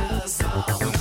Yes,